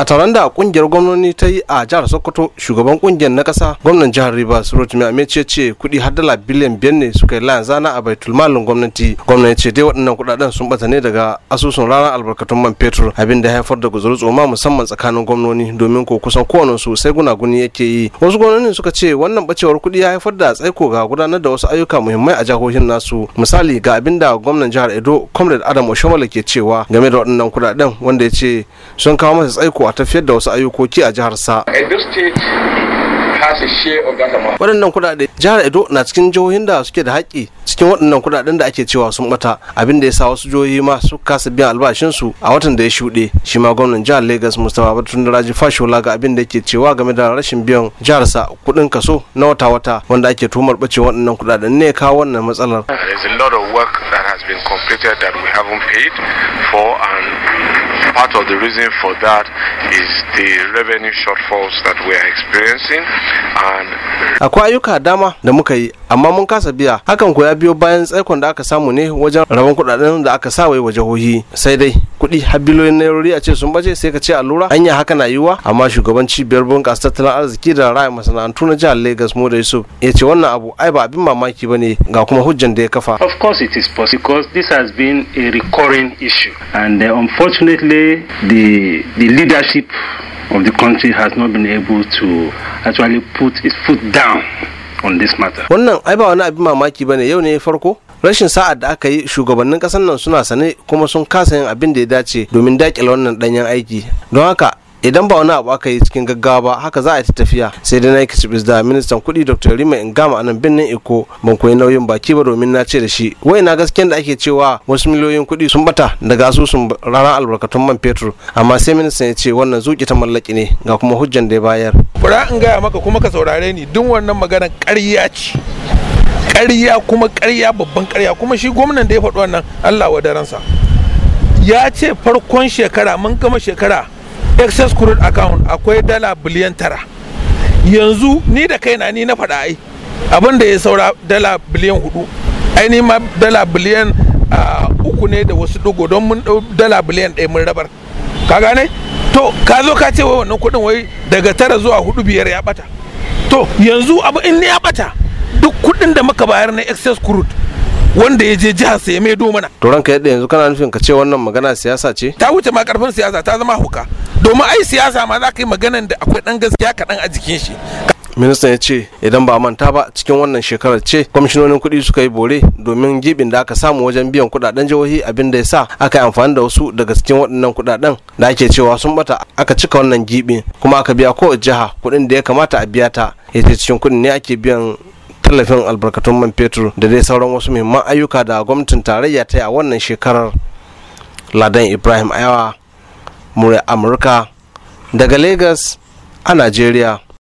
a taron da kungiyar gwamnoni ta yi a jihar sokoto shugaban kungiyar na kasa gwamnan jihar rivers rotimi ya ce kudi har dala biliyan biyar ne suka yi layan zana a baitul malin gwamnati gwamnati ce dai waɗannan kuɗaɗen sun bata ne daga asusun ranar albarkatun man fetur abin da haifar da guzuru tsoma musamman tsakanin gwamnoni domin ko kusan kowane su sai gunaguni yake yi wasu gwamnoni suka ce wannan bacewar kuɗi ya haifar da tsaiko ga gudanar da wasu ayyuka muhimmai a jihohin nasu misali ga abin da gwamnan jihar edo comrade adam oshomala ke cewa game da waɗannan kuɗaɗen wanda ya ce sun kawo masa tsaiko a tafiyar da wasu ayyukoki a jiharsa. waɗannan kuɗaɗe jihar edo na cikin jihohin da suke da haƙƙi cikin waɗannan kuɗaɗen da ake cewa sun bata abin da ya sa wasu jihohi ma su kasa biyan albashinsu a watan da ya shuɗe shi ma gwamnan jihar Legas mustapha da raji fashola ga abin da yake cewa game da rashin biyan jiharsa kuɗin kaso na wata-wata wanda ake tumar ɓace waɗannan kuɗaɗen ne kawo wannan matsalar. part of the reason for that is the revenue shortfalls that we are experiencing and akwai ayyuka dama da muka yi amma mun kasa biya hakan ko ya biyo bayan tsaikon da aka samu ne wajen rabon kudaden da aka sa wai waje jihohi sai dai kuɗi har biliyoyin nairori a ce sun baje sai ka ce allura anya haka na yiwuwa amma shugaban cibiyar bunƙasa tattalin arziki da ra'ayin masana'antu na jihar Lagos Moda Yusuf ya ce wannan abu ai ba abin mamaki ba ne ga kuma hujjan da ya kafa. Of course it is possible because this has been a recurring issue and uh, unfortunately the the leadership of the country has not been able to actually put its foot down on this matter. Wannan ai ba wani abin mamaki bane yau ne farko? Rashin sa'a da aka yi shugabannin ƙasar nan suna sane kuma sun kasa yin abin da ya dace domin daƙile wannan ɗanyen aiki. Don haka idan ba wani abu aka yi cikin gaggawa ba haka za a yi tafiya sai dai na yi da ministan kuɗi dr rima gama a nan birnin iko ban koyi nauyin baki ba domin na ce da shi wai na gaskiyan da ake cewa wasu miliyoyin kuɗi sun bata daga asusun ranar albarkatun man fetur amma sai ministan ya ce wannan zuki ta mallaki ne ga kuma hujjan da ya bayar. bara in gaya maka kuma ka saurare ni duk wannan maganar ƙarya ce karya kuma ƙarya babban karya kuma shi gwamnan da ya faɗi wannan allah wa daransa ya ce farkon shekara mun gama shekara excess crude account akwai dala biliyan tara yanzu ni da kai na ni na faɗa ai abin da ya saura dala biliyan hudu ainihin ma dala biliyan uku ne da wasu dogo don mun dala biliyan ɗaya mun rabar ka gane to ka zo ka ce wai wannan kuɗin wai daga tara zuwa hudu biyar ya ɓata to yanzu abu in ya bata duk kuɗin da muka bayar na excess crude wanda ya je jihar sa ya maido mana to ranka yadda yanzu kana nufin ka ce wannan magana siyasa ce ta wuce ma karfin siyasa ta zama huka domin ai siyasa ma za ka yi maganan da akwai dan gaskiya kaɗan a jikin shi ministan ya ce idan ba manta ba cikin wannan shekarar ce kwamishinonin kuɗi suka yi bore domin gibin da aka samu wajen biyan kuɗaɗen jihohi abin da ya sa aka yi amfani da wasu daga cikin waɗannan kuɗaɗen da ake cewa sun bata aka cika wannan gibin kuma aka biya ko jiha kuɗin da ya kamata a biya ta ya ce cikin kuɗin ne ake biyan tallafin albarkatun man fetur da dai sauran wasu muhimman ayyuka da gwamnatin tarayya ta yi a wannan shekarar ladan ibrahim ayawa murya amurka daga lagos a najeriya